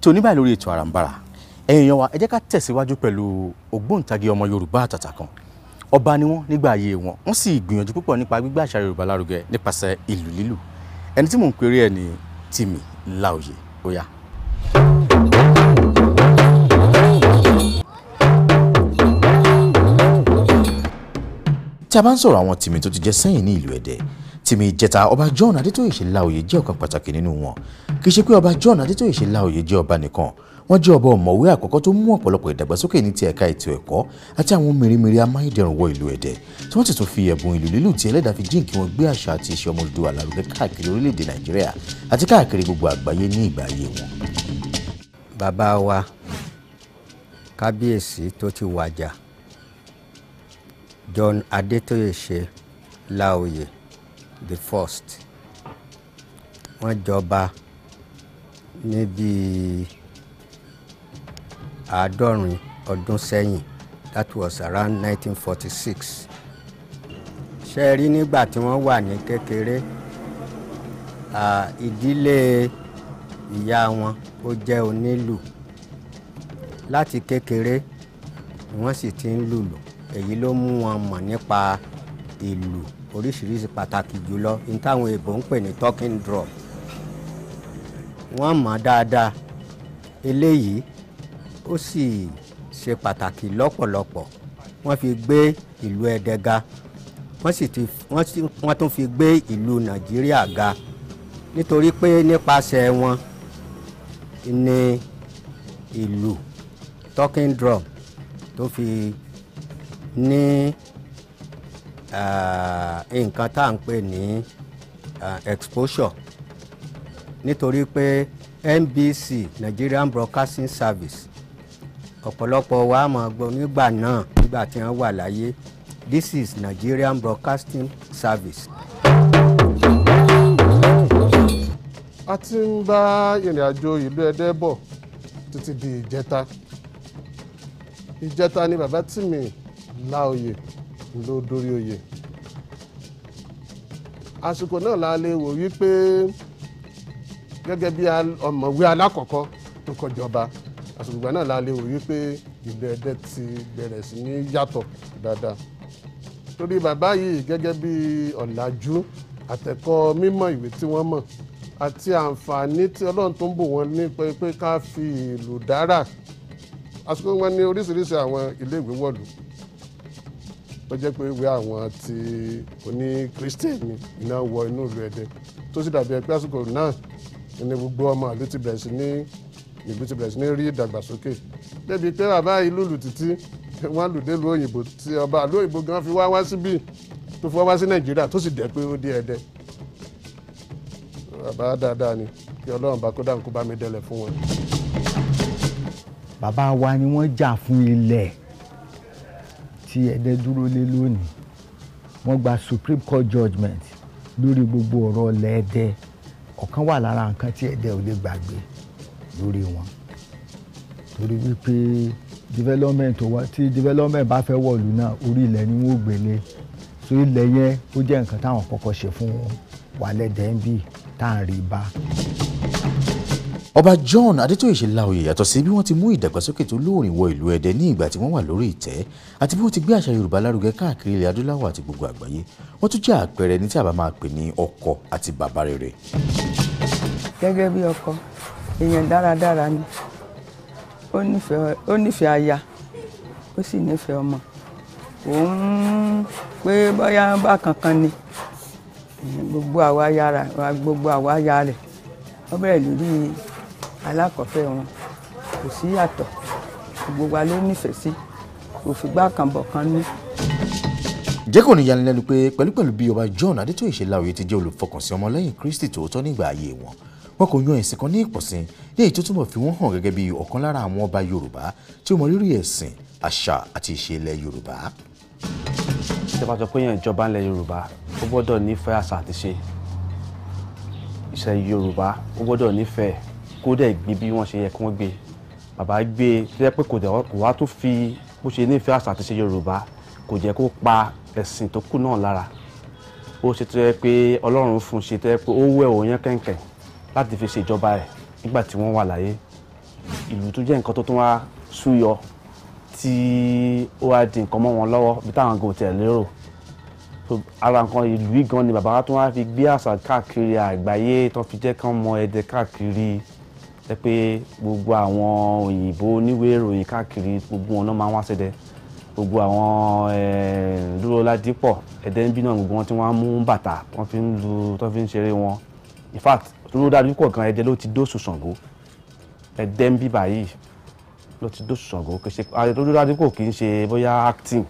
tòní báyìí lórí ètò àràǹbarà ẹ̀yin wa ẹ jẹ́ ká tẹ̀síwájú pẹ̀lú ògbóǹtagì ọmọ yorùbá àtàtà kan ọba ni wọ́n nígbà ayé wọn wọ́n sì gbìyànjú púpọ̀ nípa gbígbé àṣà yorùbá lárugẹ nípasẹ̀ ìlù lílù ẹni tí mò ń pèrè ẹ ní Tìmì Láòyè óyá. tí a bá ń sọ̀rọ̀ àwọn Tìmì tó ti jẹ sẹ́yìn ní ìlú Ẹdẹ tìmí ìjẹta ọba John Adétóyè Ṣẹláòyè jẹ́ ọ̀kan pàtàkì nínú wọn kì í ṣe pé ọba John Adétóyè Ṣẹláòyè jẹ́ ọba nìkan wọ́n jẹ́ ọba ọ̀mọ̀wé àkọ́kọ́ tó mú ọ̀pọ̀lọpọ̀ ìdàgbàsókè ní ti ẹ̀ka ètò ẹ̀kọ́ àti àwọn mèremère amáyédẹrùn wọ ìlú Ẹdẹ tí wọ́n sì tún fi ẹ̀bùn ìlú lílù tí ẹlẹ́dàá fi jíǹkí wọn gbé àṣà àti ìṣe ọmọ Odùduwà lárugẹ káàkiri orílẹ̀ Nàìjíríà àti káàkiri gbogbo àgbáyé ní ìgbà ayé wọn. bàbá wa kábíyèsí tó ti wàjà John Adétóyèṣe Láòyè the first wọ́n jọba ní bíi àádọ́rin ọdún sẹ́yìn that was around 1946 ṣe rí nígbà tí wọ́n wà ní kékeré ìdílé ìyá wọn ó jẹ́ onílù láti kékeré ni wọ́n sì ti ń lùlù èyí ló mú wọn mọ̀ nípa ìlù oríṣiríṣi pàtàkì jùlọ ní táwọn èèbò ń pè ní talking drum wọ́n mọ̀ dáadáa eléyìí ó sì ṣe pàtàkì lọ́pọ̀lọpọ̀ wọ́n fi gbé ìlú Ẹdẹ ga wọ́n sì ti wọ́n tún fi gbé ìlú Nàìjíríà ga nítorí pé nípasẹ̀ wọn ni ìlú talking drum tó fi ní Ah, nǹkan tá à ń pè ní ah, exposure nítorí pé NBC Nigerian Broadcasting Service ọ̀pọ̀lọpọ̀ wa mọ̀ gbọ́ nígbà náà nígbà tí wọ́n wà láyé this is Nigerian Broadcasting Service. a ti ń bá ìrìn àjò ìlú Ẹdẹ bọ̀ títí di ìjẹta ìjẹta ni bàbá tìmí láòyè ló dórí oyè àsìkò náà la lè wò wípé gẹ́gẹ́ bí ọ̀mọ̀wé alákọ̀ọ́kọ́ tó kọjọba àsìkò ìgbà náà la lè wò wípé ìlú Ẹdẹ ti bẹ̀rẹ̀ sí ní yàtọ̀ dáadáa torí bàbá yìí gẹ́gẹ́ bí ọ̀làjú àtẹ̀kọ́ mímọ̀ ìwé tí wọ́n mọ̀ àti àǹfààní tí Ọlọ́run tó ń bò wọ́n ní pé ká fi ìlú dára àsìkò wọn ní oríṣiríṣi àwọn iléèwé wọ̀lú tó jẹ́ pé ìwé àwọn ti oní kírísítẹ́nì iná wọ inú ìlú Ẹdẹ tó sì dàbí ẹgbẹ́ àsìkò náà ní gbogbo ọmọ ìlú ti bẹ̀rẹ̀ sí ní ìlú ti bẹ̀rẹ̀ sí ní rí ìdàgbàsókè débi pé bàbá ìlú lù títí wọn lù dé lu òyìnbó tí ọba àlú òyìnbó gan fi wá wá síbí tó fi wá wá sí Nàìjíríà tó sì dẹ̀ pé ó dé Ẹdẹ bàbá dáadáa ni kí Ọlọ́run bá kó dáhùn kó bá mi dẹlẹ̀ fún wọn. bàbá wa ni wọ́n jà fún ilẹ̀ tí ẹ̀dẹ́ dúró lé lónìí wọ́n gba Supreme Court judgement lórí gbogbo ọ̀rọ̀ ọ̀lẹ́ ẹ̀dẹ́ wà lára nǹkan tí ẹ̀dẹ́ ò lè gbàgbé lórí wọn torí wípé development wa tí development bá fẹ́ wọ̀lú náà orí ilẹ̀ ni wọ́n gbélé so ilẹ̀ yẹn ó jẹ́ nǹkan táwọn kọ́kọ́ ṣe fún wọn lẹ́dẹ̀ẹ́ ń tá à ń rí bá ọba John Adétóyè ṣe la oyè yàtọ̀ sí bí wọ́n ti mú ìdàgbàsókè tó lóòrìn wọ ìlú Ẹdẹ ní ìgbà tí wọ́n wà lórí ìtẹ́ àti bí wọ́n ti gbé àṣà Yorùbá lárugẹ káàkiri ilẹ̀ adúláwọ̀ àti gbogbo àgbáyé wọ́n tún jẹ́ àpẹẹrẹ ní tí a bá máa pè ní ọkọ àti bàbá rere. gẹ́gẹ́ bí ọkọ èèyàn dáradára ni ó nífẹ̀ẹ́ aya ó sì nífẹ̀ẹ́ ọmọ òun pé bóyá bákan kan ni gbogbo àwa aya rẹ̀ ó bẹ̀rẹ̀ lórí alákọ̀ọ́fẹ́ wọn kò sí yàtọ̀ gbogbo wa ló nífẹ̀ẹ́ sí kò fìgbà kan ní. jẹ́ ní yanilẹ́nu pé pẹ̀lúpẹ̀lú bí ọba John Adétóyè Ṣeláoyè ti jẹ́ olùfọkànsìn ọmọlẹ́yìn Kristi tòótọ́ nígbà ayé wọn wọn kò yan ẹ̀sìn kan ní ìpọ̀sìn ní èyí tó túbọ̀ fi wọ́n hàn gẹ́gẹ́ bí ọ̀kan lára àwọn ọba Yorùbá tí ó mọ rírì ẹ̀sìn àṣà àti ìṣe ilẹ̀ Yorùbá. ìjọba sọ pé yẹn ìjọba ilẹ̀ Yorùbá ó gbọ́dọ̀ nífẹ̀ẹ́ àṣà àti ìṣe ìṣe Yorùbá ó gbọ́dọ̀ nífẹ̀ẹ́ kó dẹ̀ gbé bí wọ́n ṣe yẹ kí wọ́n gbé bàbá gbé jẹ́ pé kò dẹ̀ kò wá tó fi bó ṣe nífẹ̀ẹ́ àṣà àti ṣe Yorùbá kò jẹ́ kó pa ẹ̀sìn tó kù náà lára ó ṣe tó yẹ pé Ọlọ́run fún un ṣe tó yẹ pé ó wẹ̀ òun yẹn kẹ̀kẹ̀ láti fi ṣèjọba rẹ̀ nígbà tí wọ́n wà láyé ìlú tó jẹ́ nǹkan tó tún wá súyọ tí ó wá di nǹkan mọ́ wọn lọ́wọ́ bí táwọn gò tẹ̀ lérò ara nǹkan ìlú yìí ni bàbá wa tún wá fi gbé àṣà káàkiri àgbáyé tó fi jẹ́ kán mọ ẹ̀dẹ̀ káàkiri ẹ pé gbogbo àwọn òyìnbó oníwèé ìròyìn káàkiri gbogbo wọn náà máa ń wá sẹ́dẹ̀ gbogbo àwọn Dúróládípọ̀ ẹ̀dẹ́ ń bí náà gbogbo wọn tí wọ́n á mú bàtà wọ́n fi ń lu tó fi ń ṣeré wọn in fact Dúróládípọ̀ gan ẹ̀dẹ́ ló ti dóṣù Ṣàngó ẹ̀dẹ́ ń bí báyìí ló ti dóṣù Ṣàngó kì í ṣe Dúróládípọ̀ kì í ṣe bóyá acting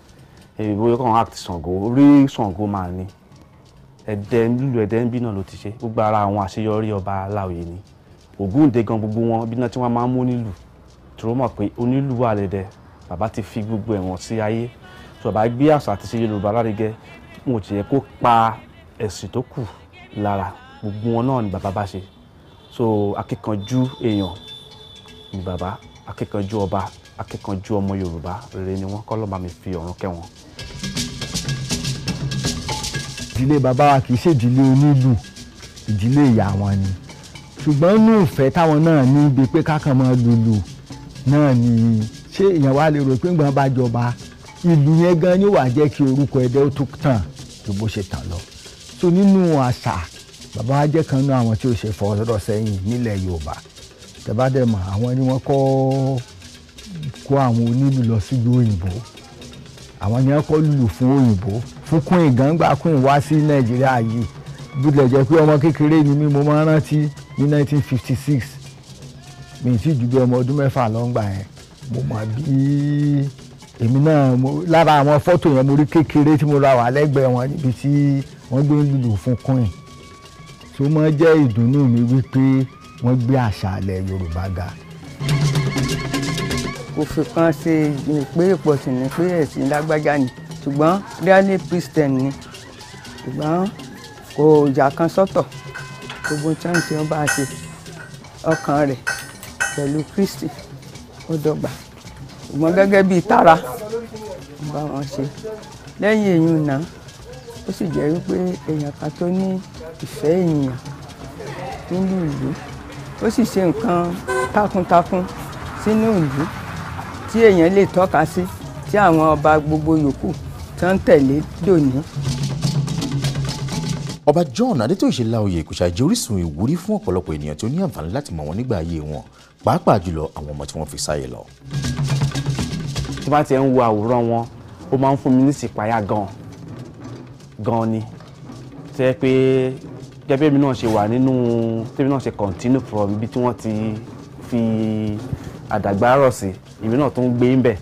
ìbòye kan act Ṣàngó rí Ṣàngó máa ní ẹ̀dẹ́ nílùú ẹ̀dẹ́ ń bí náà ló ti ṣe gbogbo ara àwọn àṣeyọrí ọba aláwìyé ni. Ògúndé gan gbogbo wọn bí náà tí wọ́n máa ń mú nílù tí wọ́n mọ̀ pé onílù wà lẹ́dẹ̀ bàbá ti fi gbogbo ẹ̀wọ̀n sí ayé tí bàbá gbé àṣà àti ṣe Yorùbá lárugẹ wọn ò tiẹ̀ kó pa ẹ̀sìn tó kù lára gbogbo wọn náà ni bàbá bá ṣe so akíkanjú èèyàn ni bàbá akíkanjú ọba akíkanjú ọmọ Yorùbá rere ni wọ́n kọ́ bá mi fi ọ̀run kẹ́ wọn ìdílé bàbá wa kì í ṣèdílé onílù ìdílé ìyá wọn ni ṣùgbọ́n inú ìfẹ́ táwọn náà ní ibi pé kákan máa lùlù náà ni ṣé èèyàn wá lè rò pé ńgbọ́n bá jọba ìlú yẹn gan ni wàá jẹ́ kí orúkọ ẹ̀dẹ́ ó tó tàn ju bó ṣe tàn lọ so nínú àṣà bàbá wa jẹ́ kan nínú àwọn tí ó ṣe fọ́ ọ̀rọ̀ sẹ́yìn nílẹ̀ Yorùbá tẹ́bádẹ́mọ̀ àwọn ni wọ́n kọ́ kó àwọn onílù lọ sílùú òyìnbó àwọn ni wọ́n kọ́ lù fún òyìnbó fún kún ìgàngbà kún ìwá sí Nàìjíríà yìí bí ó lè jẹ́ pé ọmọ kékeré ni mí mo máa rántí ní 1956 mi ti ju bí ọmọ ọdún mẹ́fà lọ́ngbà yẹn mo mọ̀ bí èmi náà lára àwọn fọ́tò yẹn mo rí kékeré tí mo ra wà lẹ́gbẹ̀ẹ́ wọn níbi tí wọ́n gbé lùlù fún kọ́ìn tó mọ́ jẹ́ ìdùnnú mi wípé wọ́n gbé àṣà ilẹ̀ Yorùbá ga. òfin kan ṣe ni pé ìpọ̀sìn ni pé ẹ̀sìn lágbájá ni ṣùgbọ́n rẹ́lẹ̀ Christian ni ṣùgbọ́n kò yà kan sọ́tọ̀ gbogbo chance tí wọ́n bá ṣe ọkàn rẹ̀ pẹ̀lú Kristi ó dọ́gba ṣùgbọ́n gẹ́gẹ́ bíi tara bá wọn ṣe lẹ́yìn èyí náà ó sì jẹ́ wípé èèyàn kan tó ní ìfẹ́ èèyàn nínú ìlú ó sì ṣe nǹkan takuntakun sínú ìlú tí èèyàn lè tọ́ka sí tí àwọn ọba gbogbo yòókù tó ń tẹ̀lé dòní ọba John Adétóyèsè Láoyè kò ṣàìjẹ́ orísun ìwúrí fún ọ̀pọ̀lọpọ̀ ènìyàn tí ó ní àǹfààní láti mọ̀ wọ́n nígbà ayé wọn pàápàá jùlọ àwọn ọmọ tí wọ́n fi sáyé lọ. tí bá ti ń wo àwòrán wọn ó máa ń fún mi ní ìsìpáyà gan gan ni tó pé gẹ́gẹ́ bí èmi náà ṣe wà nínú tèmi náà ṣe continue from ibi tí wọ́n ti fi àdàgbà rọ̀ sí èmi náà tó ń gbé ń bẹ̀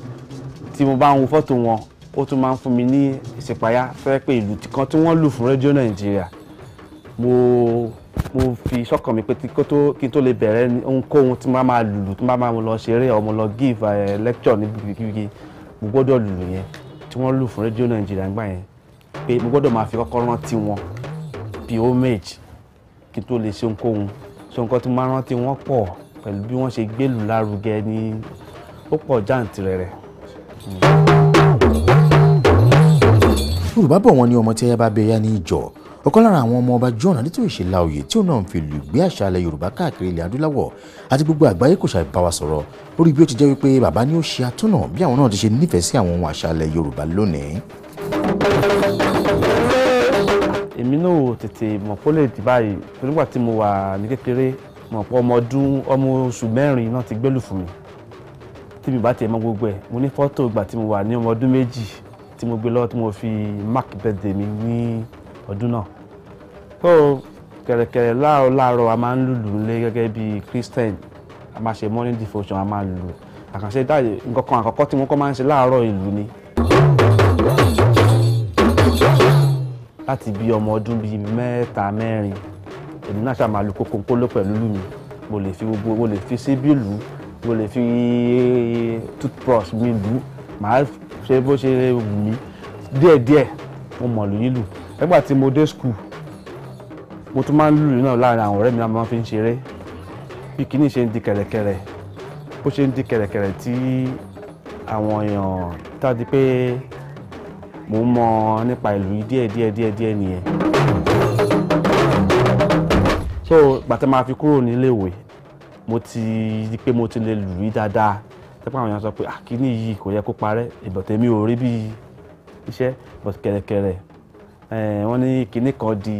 tí mo bá ń wo fọ́tò wọn ó tún máa ń fún mi ní ìṣèpáyà fẹ́ pé ìlú kan tí wọ́n lù fún rédíò nàìjíríà mo mo fi sọ́kàn mi pé kí n tó lè bẹ̀rẹ̀ ohunkóhun tí máa máa lùlù tí máa máa lọ ṣeré ọmọ lọ give eh, lecture ní gbígbígbí mo gbọ́dọ̀ lùlù yẹn tí wọ́n lù fún rédíò nàìjíríà nígbà yẹn pé mo gbọ́dọ̀ máa fi kọ́kọ́ rántí wọn bí homage kí n tó lè ṣe ohunkóhun ṣe nǹkan tí máa rántí wọn pọ̀ pẹ̀lú bí wọ́n ṣe gbélùú lárugẹ ní ó pọ̀ jàǹtìrẹrẹ. Mm yorùbá bọ̀ wọ́n ní ọmọ tí ẹ bá bẹ ya ní ìjọ ọ̀kan lára àwọn ọmọ ọba John Adétòyè Ṣèláòyè tí ó náà ń fi lù gbé àṣà ilẹ̀ yorùbá káàkiri ilẹ̀ adúláwọ̀ àti gbogbo àgbáyé kò ṣàì bá wa sọ̀rọ̀ lórí bí ó ti jẹ́ wípé bàbá ni ó ṣe atúnà bí àwọn náà ti ṣe nífẹ̀ẹ́ sí àwọn ohun àṣà ilẹ̀ yorùbá lónìí. èmi náà ò tètè mọ̀ pé ó lè di báyìí nígbà tí mo wà ní kékeré mọ̀ pé ọmọ ọdún ọmọ oṣù mẹ́rin náà ti gbẹ́lù fún mi tí mi bá tiẹ̀ mọ̀ gbogbo ẹ̀ mo ní fọ́tò ìgbà tí mo wà ní ọmọ ọdún méjì tí mo gbé lọ́wọ́ tí mo fi mark birthday mi ní ọdún náà so kẹ̀rẹ̀kẹ̀rẹ̀ láàárọ̀ láàárọ̀ a máa ń lùlù nílé gẹ́gẹ́ bí christian a máa ṣe morning devotion a máa lùlù àkànṣe dáàyè nǹkan kan àkọ́kọ́ tí mo kọ́ máa ń ṣe láàárọ̀ ìlú ni láti bí ọmọ ọdún bíi mẹ́ta mẹ́rin èmi náà ṣáà máa lu kókó kóló pẹ̀lú lù mí mo lè fi gbogbo mo lè fi síbí lù mo lè fi toothbrush mi lù màá ṣe bó ṣe wù mí díẹ̀díẹ̀ mo mọ̀ lù nílù nígbà tí mo dé skul mo tún máa ń lùlù náà láàrin àwọn ọ̀rẹ́ mi náà máa fi ń ṣeré bí kíní ṣe ń di kẹ̀rẹ̀kẹ̀rẹ̀ bó ṣe ń di kẹ̀rẹ̀kẹ̀rẹ̀ tí àwọn èèyàn tàbí pé mo mọ̀ nípa ìlú díẹ̀díẹ̀ díẹ̀díẹ̀ nìyẹn so gbàtà máa fi kúrò níléèwé mo ti di pé mo ti lè lù rí dáadáa tẹ́pọ̀ àwọn èèyàn sọ pé àkíní yìí kò yẹ kó parẹ́ ìbọ̀tẹ́ ò rí bí iṣẹ́ bọ̀t kẹ̀rẹ̀kẹ̀rẹ̀ wọ́n ní kíní kan di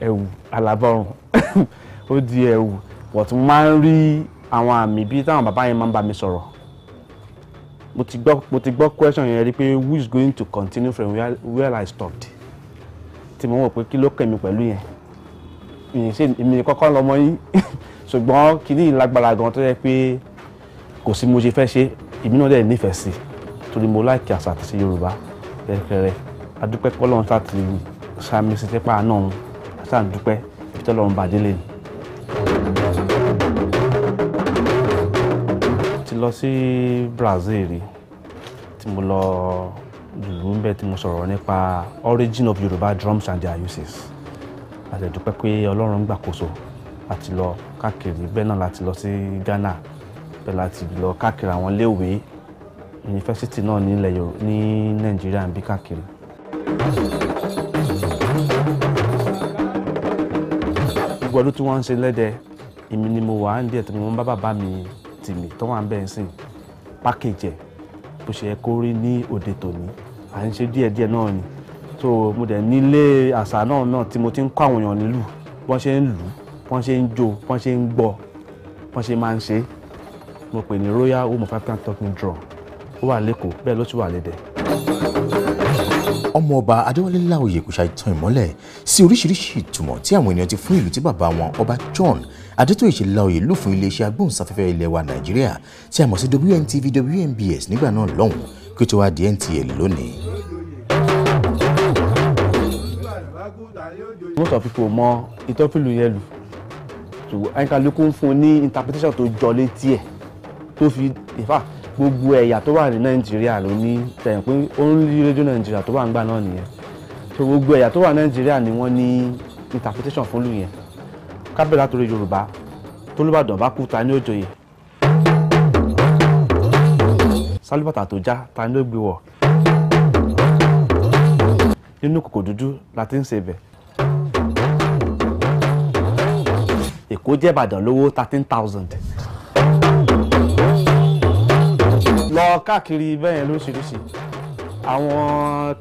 ẹ̀wù alábọ̀rùn ó di ẹ̀wù bọ̀t mo máa ń rí àwọn àmì bí táwọn bàbá yẹn máa ń bá mi sọ̀rọ̀ mo ti gbọ́ mo ti gbọ́ question yẹn rí pé who is going to continue from where, where I stopped tí mo wọ̀ pé kí ló kàn mí pẹ̀lú yẹn èmi kọ́kọ́ lọmọ yín ṣùgbọ́n kíní ìlágbára gan tó yẹ pé kò sí mo ṣe fẹ́ ṣe èmi náà dẹ̀ nífẹ̀ẹ́ sí torí mo láìkí àṣà àti ṣe Yorùbá kẹrẹkẹrẹ adúpẹ́ pọ́lọ́run sáti sami sí tẹ́pá náà àṣà ń dúpẹ́ fi tọ́lọ́run bàdé lè. ti lọ sí Brazil rí tí mo lọ lùlù ń bẹ tí mo sọ̀rọ̀ nípa origin of Yorùbá drums and their uses àtẹ̀dúpẹ́ pé Ọlọ́run gbàkóso àti lọ káàkiri bẹ́ẹ̀ náà láti lọ sí Ghana bẹ́ẹ̀ láti lọ káàkiri àwọn iléèwé yunifásitì náà nílẹ̀ yọ ní nàìjíríà ń bí káàkiri. gbogbo ọdún tí wọ́n ń ṣe lẹ́dẹ̀ èmi ni mo wà á ń díẹ̀ tí mo ń bá bàbá mi tì tó wà ń bẹ̀ ń sìn pákéjì ẹ̀ bó ṣe yẹ kó rí ní òde tòní à ń ṣe díẹ̀díẹ̀ náà ni so mo dẹ̀ nílé àṣà náà náà tí mo ti ń kọ́ àwọn èèyàn nílù bọ́n ṣe ń lù bọ́n ṣe ń jó bọ́n ṣe ń gbọ́ bọ́n ṣe máa ń ṣe é mo pè ní royal home of african talking drum ó wà lẹ́kọ̀ọ́ bẹ́ẹ̀ ló tún wà lẹ́dẹ̀. ọmọọba adéwálé láòyè kò ṣàì tan ìmọ́lẹ̀ sí oríṣiríṣi ìtumọ̀ tí àwọn ènìyàn ti fún ìlú tí bàbá wọn ọba john adétòyèṣe láòyè lò fún iléeṣẹ́ agbóhùnsáfẹ́fẹ́ ilẹ̀ wa nàìjíríà tí a mọ̀ sí wntv wnbs nígbà náà lọ́hùn kí ó tó wá di ntl lónìí. most of people mọ ìtọ́pìlù yẹn lù àyíká ló kún fún un ní interpretation tó jọ létí ẹ̀ tó fi ìfà gbogbo ẹ̀yà tó wà ní nàìjíríà ló ní tẹ̀yìn pé only ń rí rédíò nàìjíríà tó wà ń gbà náà nìyẹn so gbogbo ẹ̀yà tó wà nàìjíríà ni wọ́n ní interpretation fún lù yẹn kábẹ́lá torí yorùbá tólúbàdàn bá kú ta ní òjòyè sálúbàtà tó já ta ní ògbé wọ̀ nínú kòkò dúdú la ti ń ṣe bẹ̀ èkó jẹ́ ìbàdàn lówó thirteen thousand. lọ káàkiri bẹ́ẹ̀ lóṣìṣìṣì àwọn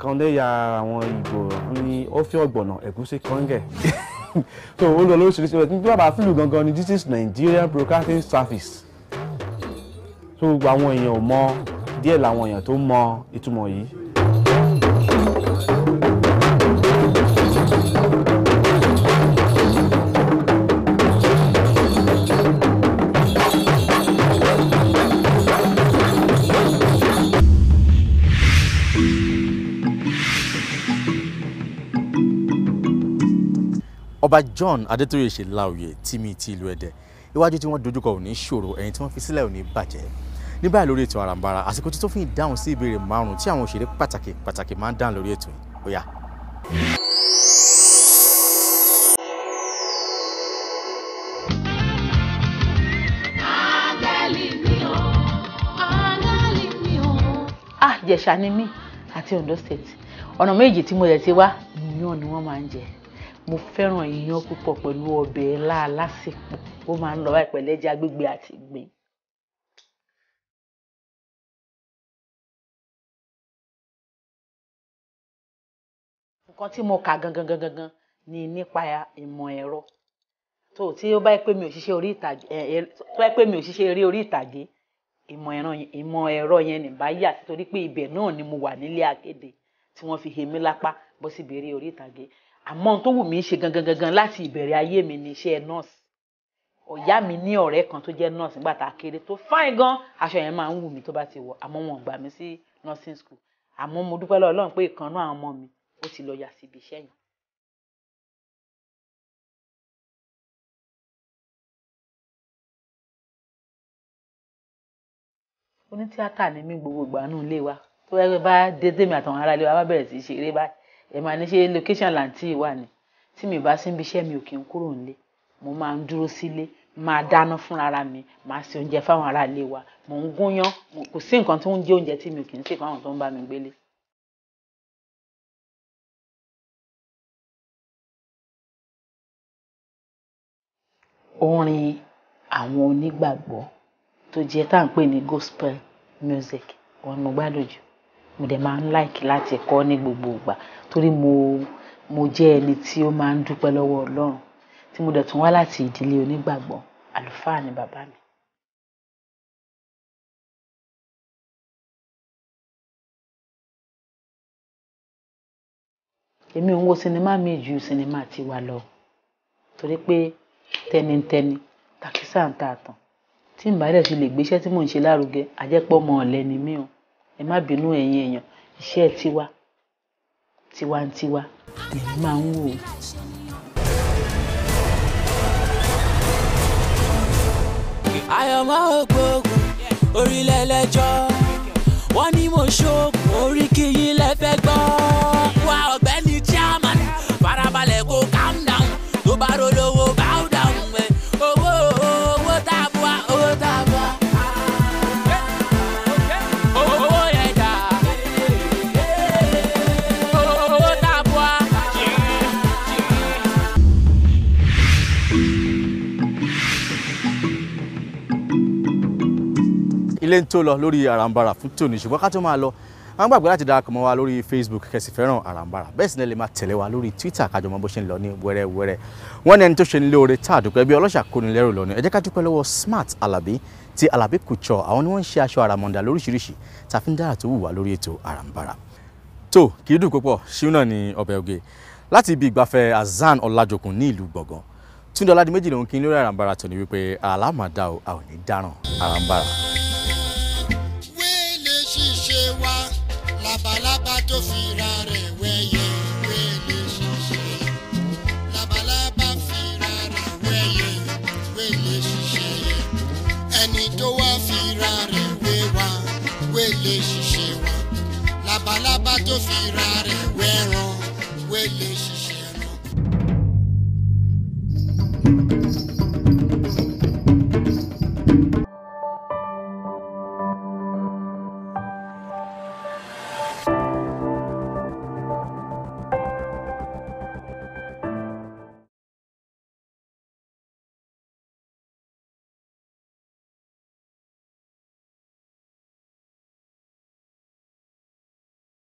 kan lẹ́yà àwọn ìgbò ní ó fi ọ̀gbọ̀nà ẹ̀gúsí kọ́ńgẹ̀ tó ó lọ lóṣìṣìṣì rẹ̀ nígbà bàbá fílù gangan ni this is Nigerian Broadcasting Service tó gbogbo àwọn èèyàn ò mọ díẹ̀ làwọn èèyàn tó mọ ìtumọ̀ yìí ọba John Adétóyè Ṣèláòyè tìmí ti ìlú Ẹdẹ iwájú tí wọ́n dojúkọ ò ní ṣòro ẹ̀yìn tí wọ́n fi sílẹ̀ ò ní bàjẹ́ ní báyìí lórí ètò àràǹbarà àsìkò tí tó fi ń dáhùn sí ìbéèrè márùn tí àwọn òṣèré pàtàkì pàtàkì máa ń dáhùn lórí ètò yìí ó ni mí àti Ondo State ọ̀nà méjì tí mo lè ti wá ìyàn ni wọ́n máa ń jẹ mo fẹ́ràn iyán púpọ̀ pẹ̀lú ọbẹ̀ ilá alásèpọ̀ ó máa ń lọ báyìí pẹ̀lú ẹja gbígbẹ àti ìgbín. nǹkan tí mo kà gangan gangan gangan ni nípa ìmọ̀ ẹ̀rọ tó tí ó bá yẹ pé mi ò ṣiṣẹ́ orí ìtàgé ẹ tó bá pé mi ò ṣiṣẹ́ eré orí ìtàgé ìmọ̀ ẹ̀rọ yẹn ní bá yà torí pé ibẹ̀ náà ni mo wà nílé akéde tí wọ́n fi he mí lápá bọ́ síbi eré orí ìtàgé àmọ́ ohun tó wù mí ṣe gangan gangan láti ìbẹ̀rẹ̀ ayé mi ni iṣẹ́ nọ́ọ̀sì ọ̀yá mi ní ọ̀rẹ́ kan tó jẹ́ nọ́ọ̀sì nígbà tá a kéré tó fáìn gan aṣọ yẹn máa ń wù mí tó bá ti wọ̀ àmọ́ wọn gbà mí sí nursing school àmọ́ mo dúpẹ́ lọ́wọ́ Ọlọ́run pé ìkànnú àwọn ọmọ mi ó ti lọ yà sí iṣẹ́ yẹn. onítíátà ni mí gbogbo ìgbà nù ilé wa tó bá dé tèmi àtàwọn ará ilé wa bá bẹ̀rẹ̀ sí í ṣeré báyìí ẹ máa ní ṣe location lanti wà ní tí mi bá sí iṣẹ́ mi ò kí n kúrò nílé mo máa ń dúró sílé máa dáná fúnra mi máa ṣe oúnjẹ fáwọn ará ilé wa mò ń gúnyán kò sí nǹkan tó ń jẹ oúnjẹ tí mi ò kì í sè fáwọn tó ń bá mi gbélé. orin àwọn onígbàgbọ́ tó jẹ́ tá à ń pè ní gospel music òun ni mo gbádùn jù. Mo dẹ̀ máa ń like láti kọ́ ní gbogbo ìgbà torí mo, mo jẹ́ ẹni tí ó máa ń dúpẹ́ lọ́wọ́ Ọlọ́run tí mo dẹ̀ tún wá láti ìdílé onígbàgbọ́. Àlùfáà ni bàbá mi. Èmi ò ń wo sinimá mi ju sinimá tiwa lọ torí pé tẹnitẹni, tàkísà ń ta àtàn. Tí n bá dẹ̀ ti lè gbé tí mò ń ṣe lárugẹ, a jẹ́ pé ọmọ ọ̀lẹ o ẹ má bínú ẹ̀yin èèyàn iṣẹ́ tiwa tiwantiwa lèmi máa ń wò àyọ̀mọ́ ògbóògùn orílẹ̀ ẹlẹ́jọ́ wọ́n ní mo ṣoògùn orí kìí lẹ́fẹ̀ẹ́ gbọ́. ilé ń tó lọ lórí àràǹbarà fún tòní ṣùgbọ́n ká tó máa lọ àwọn gbàgbé láti darapọ̀ mọ́ wa lórí Facebook kẹsì fẹ́ràn arambara. bẹ́ẹ̀ sì ni lè máa tẹ̀lé wa lórí Twitter kájọ mọ́ bó ṣe ń lọ ní wẹ́rẹ́wẹ́rẹ́ wọ́n ní ẹni tó ṣe ní lóore tá àdúpẹ́ bí ọlọ́ṣà kóni lọ́nà ẹ jẹ́ ká dúpẹ́ lọ́wọ́ Smart Alabi ti Alabi Couture àwọn ni wọ́n ń ṣe aṣọ àràmọ̀ǹdà lóríṣiríṣi tá a fi ń dára tó wù wá lórí ètò àràǹbarà tó kì í dùn púpọ̀ ṣíú ni ọbẹ̀ oge láti ibi ìgbafẹ́ Hassan Ọlájokùn ní ìlú Gbọ̀ngàn Túndé Ọládìméjì lòun kí n lórí àràǹbarà tó ní wípé àlámàdá o a ò ní dáràn àràǹbarà. wẹ́lẹ̀ ṣiṣẹ́ wa labalábá tó fi ra rẹ̀ wẹ́ran wẹ́lẹ̀ ṣiṣẹ́.